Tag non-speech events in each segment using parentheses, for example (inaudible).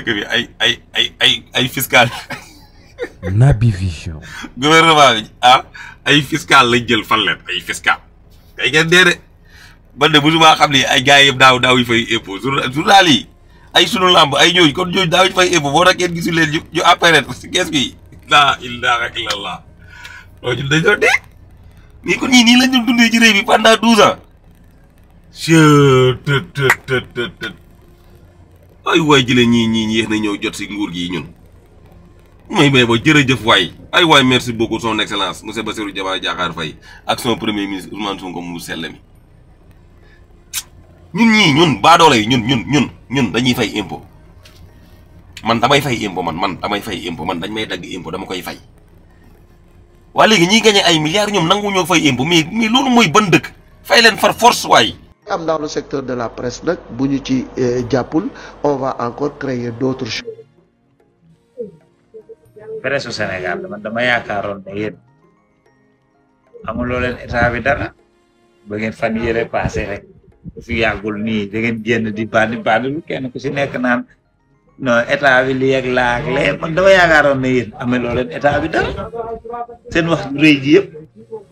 dëkk bi ay ay ay ay ay fiscal. Vision. gouvernement bi ah ay fiscal lañ jël fan leen ay fiscal. kay ngeen dee de man de musuma xam ne ay gars yëpp daaw daaw yi fay impôt journal yi ay sunu làmb ay ñooñu kon ñooñu daaw yi fay impôt boo tax ngeen gisul leen ñu ñu apparaître si kees bi. ilaha illallah ci réew bi pendant 12 ans. ay waay jëlee ñii ñii yéex nañ ñëw jot si nguur gi ñun may may ba jërëjëf waay ay waay merci beaucoup son excellence monsieur Bassirou Diomaye Diakhar fay ak son premier ministre Ousmane Sonko mu sell mi ñun ñii ñun baadoole yi ñun ñun ñun ñun dañuy fay impôt man damay fay impôt man man damay fay impôt man dañ may dagg impo dama koy fay waa léegi ñiy gagné ay milliards ñoom nanguwuñoo fay impôt mais mais loolu mooy ban dëkk fay leen far force waay am dans le secteur de la presse nag bu ñu ci eh, jàppul on va encore créer d'autres choses. presse Sénégal man dama yaakaaroon ne yéen amuloo leen état bi dara ba ngeen fan yére passé rek fi yàggul nii da ngeen génn di bandi bandi kenn ku si nekk naan non état bi lii ak laa dama yaakaaroon ne yéen amuloo leen état bi dara seen wax rëy ji yëpp.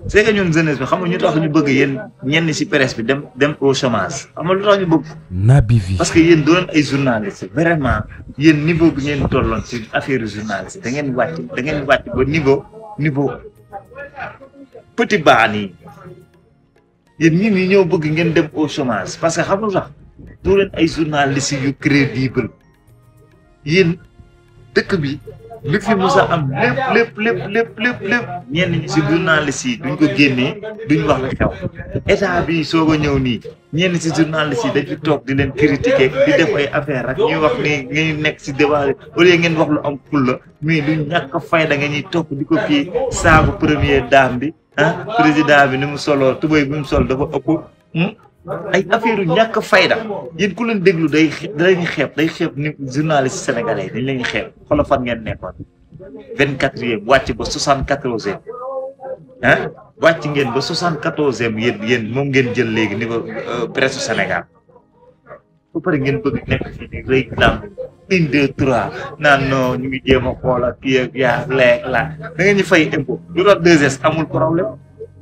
c'est que ñun jeunesse xam nga ñu tax ñu bëgg yéen ñenn ci presse bi dem dem au chômage xam ñu bëgg. Naby Vi parce que yéen doon ay journaliste vraiment yéen niveau bi ngeen tolloon ci affaire journaliste da ngeen wàcc da ngeen wàcc ba niveau niveau petit baan yi yéen ñun ñi ñëw bëgg ngeen dem au chômage parce que xam nga lu tax doo leen ay journaliste yu crédible yéen dëkk bi. li fi musa am lép lépp lépp lépp lépp lépp ñenn ñi si journaliste yi duñ ko génnee duñ wax la xew état bi soog a ñëw ni ñenn si journaliste yi dañ fi toog di leen critiquer di def ay affaire ak ñuy wax ni ngay nekk si débat au lieu ngeen wax lu am fulla mais lu ñàkk a fayda nga ñuy di ko kii saabu premier dame bi ah président bi ni mu soloo tubéy bi mu sol dafa ëpp hmm? ay affaire yu ñàkk fayda yéen ku leen déglu day day xeeb day xeeb ni journaliste sénégalais dañ leen xeeb xoolal fan ngeen nekkoon vingt quatrième wàcc ba soixante quatorzième ah wàcc ngeen ba soixante quatorzième yéen yéen moom ngeen jël léegi ni niveau presse Sénégal ba pare ngeen bëgg nekk fii nii rëy naan non ñu ngi jéem a xool ak kii ak yaa la da ngeen ñu fay impôt de doon 2S amul problème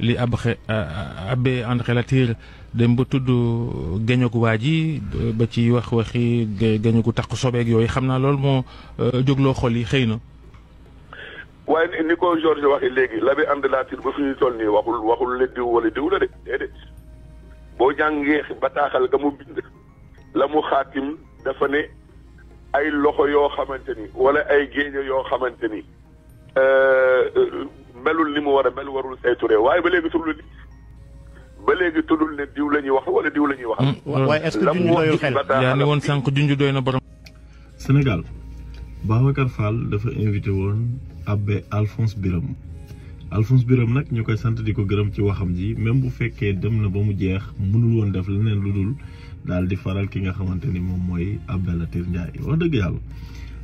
li ab abbé André Latyr dem ba tudd géñogu waa ji ba ci wax waxi géñogu takk sobeeg yooyu xam naa loolu moo euh, jógloo xol yi xëy na. waaye ni ko Georges waxee léegi l'abbé André Latyr ba fi ñu toll nii waxul waxul la diw wala diw la de boo jàngee bataaxal ga mu bind la mu xaatim dafa ne ay loxo yoo xamante ni wala ay géeño yoo xamante ni. Euh, melul ni mu war mel warul saytu réew waye ba léegi tudul ni ba léegi tudul ne diw lañuy wax wala diw lañuy wax. Hmm. waye est ce que junj doyul xel ya ni won sank junj doyna borom. Sénégal Babacar Fall dafa invité won abbé Alphonse biram Alphonse Biram nak ñukoy sante diko di ci waxam ji même bu fekkee dem na ba mu jeex mënul won def leneen lu dal di faral ki nga xamanteni mom moy Abdallah Abbé Latyr Ndiaye wax deug yalla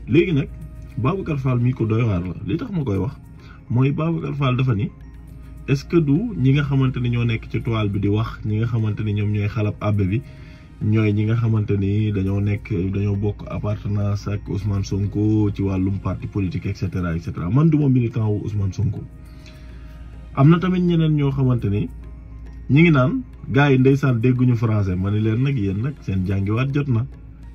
légui nak Babacar Fall mi ko doy war la li tax ma koy wax moy Babacar Fall dafa ni est-ce que dou ñi nga xamanteni ño nek ci toile bi di wax ñi nga xamanteni ñom ñoy xalab abbe bi ñoy ñi nga xamanteni dañoo nek dañoo bok appartenance ak Ousmane Sonko ci walum parti politique et cetera et cetera man duma militant Ousmane Sonko. amna tamit ñeneen ño xamanteni ñi ngi naan gaay ndeysaan dégguñu français mané leen seen jangi jotna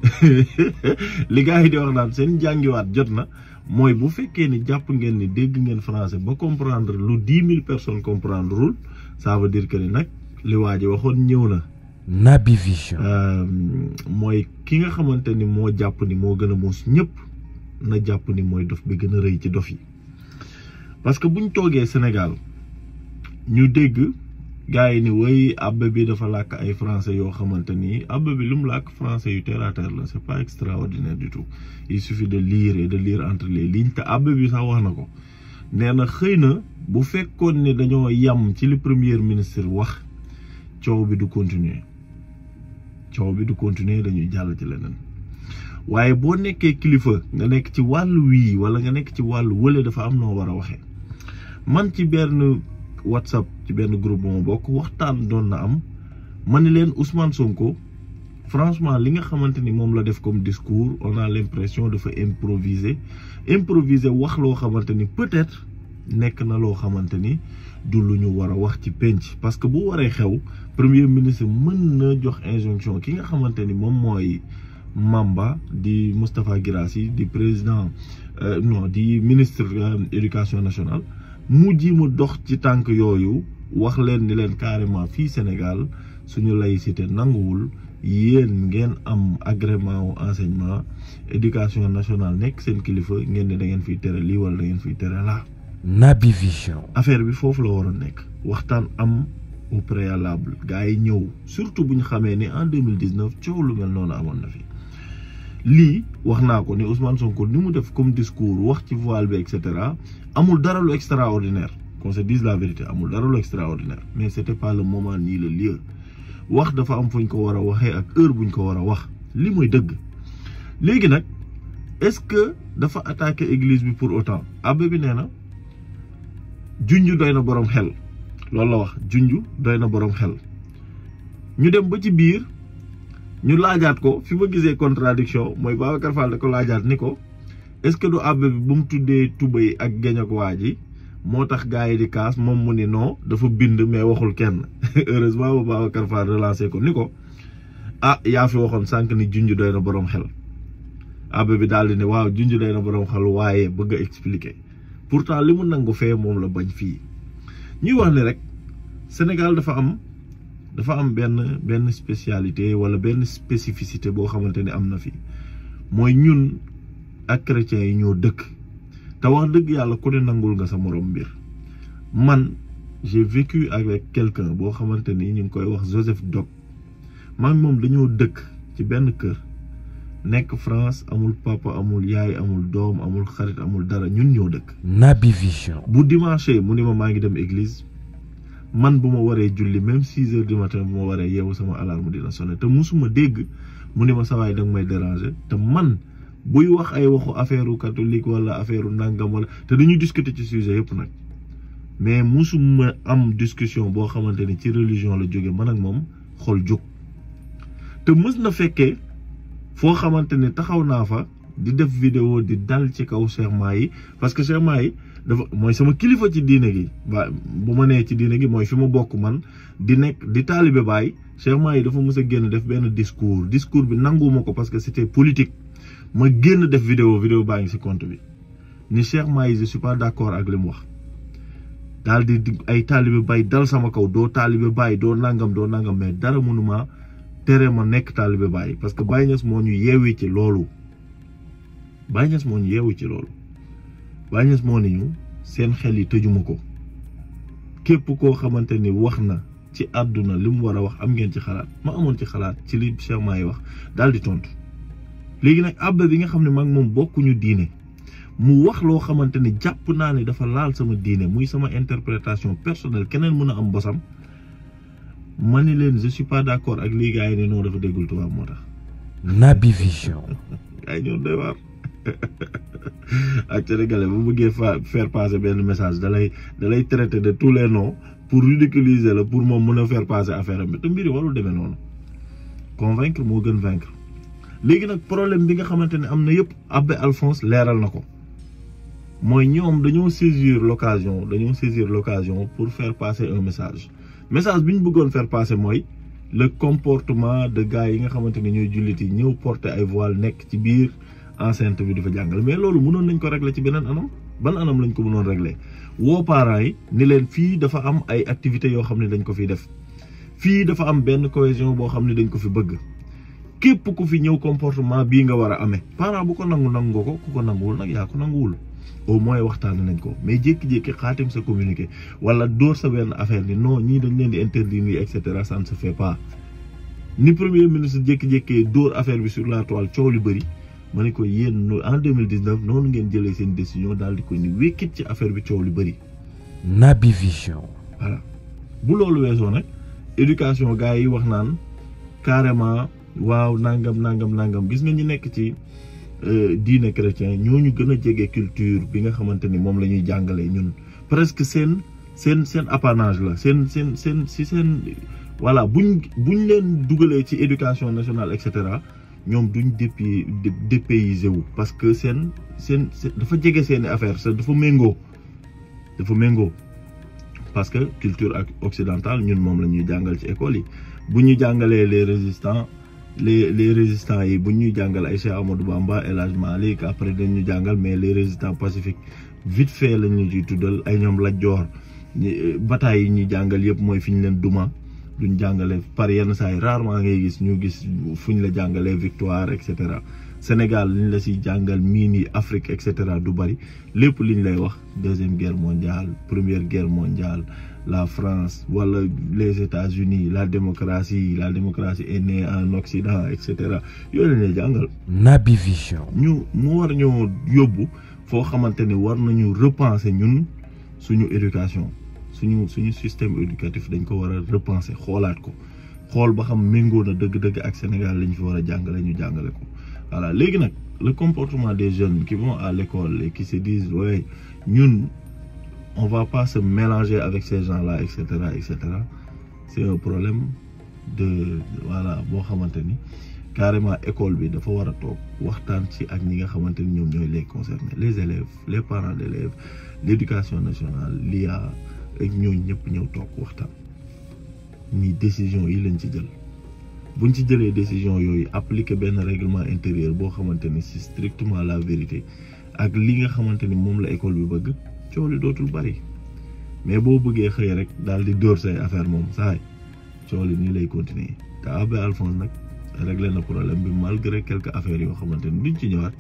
(laughs) li gaay di wax naan seen jangi jotna mooy bu fekkee ni jàpp ngeen ni dégg ngeen français ba comprendre lu dix mille personne comprendrewul ça veut dire que ni nag li waa ji waxoon ñëw na. Naby Vision. Euh, mooy ki nga xamante ni moo jàpp ni moo gën a muus ñëpp na jàpp ni mooy dof bi gën a rëy ci dof yi parce que buñ toogee Sénégal ñu dégg. gars ni way abbé bi dafa lak ay français yo xamanteni ni bi lu lak français yu terre à terre la c'est pas extraordinaire du tout il suffit de lire et de lire entre les lignes ta abbé bi sa wax nako néna xeyna bu fekkone ne dañoo yam ci li premier ministre wax ciow bi du continuer ciow bi du continuer dañuy jall ci leneen waye bo nekkee kilifa nga nekk ci walu wi wala nga nekk ci walu wële dafa am no wara waxé man ci berne whatsapp ci ben groupe bu ma bokk waxtaan doon na am ma Ousmane Sonko franchement li nga xamanteni mom la def comme discours on a l'impression dafa improviser improviser wax lo xamanteni peut-être nek na lo xamanteni du luñu wara wax ci pench parce que bu waree xew premier ministre mën na jox injonction ki nga xamanteni mom moy Mamba di Moustapha Girassi, di président euh, non di ministre euh, éducation nationale mu ji mu dox ci tank yoyu wax len ni len carrément fi Sénégal suñu laïcité nanguwul yeen ngeen am agrément wu enseignement éducation nationale nek seen kilifa ngeen ne da ngeen fiy tere li wala da ngeen fiy tere la nabi Vision. affaire bi fofu la waroon nek waxtan am au préalable. gaay ñew surtout buñ xamé ni en 2019 mille dix lu mel noonu amoon na fi. Li wax naa ko ni Ousmane Sonko ni mu def comme discours wax ci voile be et amul dara lu extraordinaire qu'on se dise la vérité amul dara lu extraordinaire mais c'était pas le moment ni le lieu wax dafa am fuñ ko wara waxe ak heure buñ ko wara wax li moy deug légui nak est ce que dafa attaquer église bi pour autant abbe bi nee na doyna hell. borom xel lolou la wax junj doyna na borom xel ñu dem ba ci biir. ñu laajaat ko fi ma gisee contradiction mooy Babacar Fall da ko laajaat ni ko est-ce que du abbé bi bu mu tuddee tubéy ak géñ ak ji moo tax gars yi di kaas moom mu ni non dafa bind mais waxul kenn (laughs) heureusement ba Babacar Fall relancé ko ni ko ah yaa fi waxoon sànq ni junj doy na boroom xel abbé bi daal di ne waaw junj doy na boroom xel waaye bëgg a expliquer pourtant li mu nangu fee moom la bañ fii ñuy wax ni rek Sénégal dafa am dafa am benn benn spécialité wala benn spécificité boo xamante ne am na fi mooy ñun ak chrétiens yi ñoo dëkk te wax dëgg yàlla ku ne nangul nga sa moroom mbir man j'ai vécu avec quelqu'un boo xamante ni ñu ngi koy wax Joseph Doc man moom dañoo dëkk ci benn kër nekk France amul papa amul yaay amul doom amul xarit amul dara ñun ñoo dëkk. Naby Vision. bu dimanche mu ni ma maa ngi dem église. man buma waré julli même 6h du matin buma waré waree sama alarme dina sonné té musuma dégg mu ma sawaay da nga may déranger té man buy wax ay waxu affaireu catholique wala affaireu nangam wala té dañuy discuter ci sujet yépp nak mais musuma am discussion bo xamanténi ci religion la joggé man ak mom xol jog té musna féké fo xamanténi xamante taxaw naa fa di def vidéo di dal ci kaw cheikh yi parce que cheikh yi dafa mooy sama kilifa ci diine gi ba bu ma nee ci diine gi mooy fi ma bokk man di nekk di taalibe Baay Cheikh Mahi dafa mës génn def benn discours discours bi nanguwuma ko parce que te politique ma génn def vidéo vidéo baa ngi si compte bi ni Cheikh Mahi je suis pas d'accord ak li mu wax daal di di ay taalibe Baay dal sama kaw doo taalibe bàyyi doo nangam doo nangam mais dara mënuma tere ma nekk taalibe Baay parce que Baay Ñas moo ñu yeewi ci loolu Baay Ñas moo ñu ci loolu Baye Niass moo ñu seen xel yi tëjuma ko képp koo xamante ni wax na ci àdduna li mu war a wax am ngeen ci xalaat ma amoon ci xalaat ci li Cheikh Mahi wax dal di tontu léegi nag abba bi nga xam ne mag moom bokkuñu diine mu wax loo xamante ne jàpp naa ne dafa laal sama diine muy sama interprétation personnel keneen mun a am bosam ma ni leen je suis pas d' accord ak lii gars yi ne non dafa déggul tubaab moo tax. Naby Vision. (laughs) (laughs) ak sénégalais bu faire passer benn message da lay traiter de tous les noms pour ridiculiser le, pour moi mën faire passer affaire mais bi te mbiri warul demee noonu convaincre moo gën vaincre léegi nag problème bi nga xamante ne am na Abbé Alphonse leeral na ko mooy ñoom nous saisir l'occasion nous saisir l'occasion pour faire passer un message message bien vous faire passer moi le comportement de gars yi nga xamante ne ñooy jullit yi ñëw porter ay voile nekk ci biir enceinte bi di jangal mais loolu mënon nañ ko régler ci benen anam ban anam lañ ko mënon régler wo parents ni len fii dafa am ay activités yo xamni dañ ko fi def fii dafa am ben cohésion bo xamni dañ ko fi bëgg képp ku fi ñew comportement bi nga wara amé parents bu ko nangul nangu ko ku ko nangul nak ya ko nangul au moins waxtaan nañ ko mais jek jek xaatim sa communiquer wala sa ben affaire ni non ñi dañ leen di interdire et cetera ça ne se fait pas ni premier ministre jek jek door affaire bi sur la toile ciow li ma ne ko yéen en 2019 noonu ngeen jëlee seen décision daal di ko ni wékkit ci affaire bi coow lu bëri. Naby Vision. voilà bu loolu weesoo nag éducation gars yi wax naan carrément waaw nangam nangam nangam gis nga ñi nekk ci euh, diine chrétien ñooñu gën a jege culture bi nga xamante ni moom la ñuy jàngalee ñun presque seen seen seen appanage la seen seen seen si seen voilà buñ buñ leen dugalee ci éducation nationale et cetera. ñom duñ dépi dépaysé wu parce que sen sen dafa jege sen affaire sa dafa mengo dafa mengo parce que culture occidentale ñun mom la ñuy jàngal ci école yi buñu ñu les résistants les les résistants yi buñu ñuy jàngal ay Cheikh Amadou Bamba El Hadj Malick après dañu jàngal mais les résistants pacifiques vite fait lañu ci tuddal ay ñom la jor bataille yi ñuy jàngal yépp moy fiñu ñu leen duma duñ jàngale par yenn saa yi rarement ngay gis ñu gis fuñ la jàngalee victoire et cetera Sénégal liñ la si jàngal mini Afrique et cetera du bari lépp liñ lay wax deuxième guerre mondiale première guerre mondiale la France wala les États-Unis la démocratie la démocratie est née en Occident et cetera yooyu lañ lay jàngal. Naby Vision. ñu mu war ñoo yóbbu foo xamante ne war nañu repenser ñun suñu éducation suñu système éducatif dañ ko wara repenser xoolaat ko xool ba xam mengo na deug deug ak Sénégal lañ fi wara a ñu jàngale ko voilà légui nak le comportement des jeunes qui vont à l'école et qui se disent ouais ñun on va pas se mélanger avec ces gens-là etc. etc. » c'est un problème de voilà bo xamanteni carrément école bi dafa war a toog ci ak ñi nga xamanteni ñom ñoy les concernés les élèves les parents d'élèves l'éducation nationale l'IA ak ñooñ ñëpp ñëw toog waxtaan ni décision yi lañ ci jël buñ ci jëlé décision yooyu appliquer ben règlement intérieur bo xamanteni ni c'est strictement la vérité ak li nga xamanteni mom la école bi bëgg ciolu li dootul bari mais bo bëggé xëy rek dal di dóor say affaire mom say ciolu li lay continuer Ta Abbé Alphonse nag réglé na problème bi malgré quelques affaires yo xamanteni ni duñ ci ñëwaat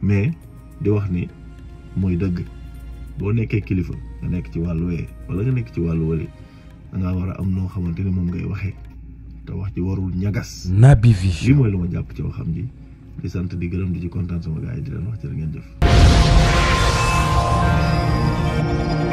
mais di wax ni moy dëgg boo nekkee kilifa nga nekk ci wàllu wee wala nga nekk ci wàllu wële da ngaa war a am noo xamante ni moom ngay waxee te wax ci warul ñagas. Naby Vision lii mooy lu ma jàpp ci waxam ji di sant di gërëm di ci kontaan sama gars yi di leen wax ci la ngeen def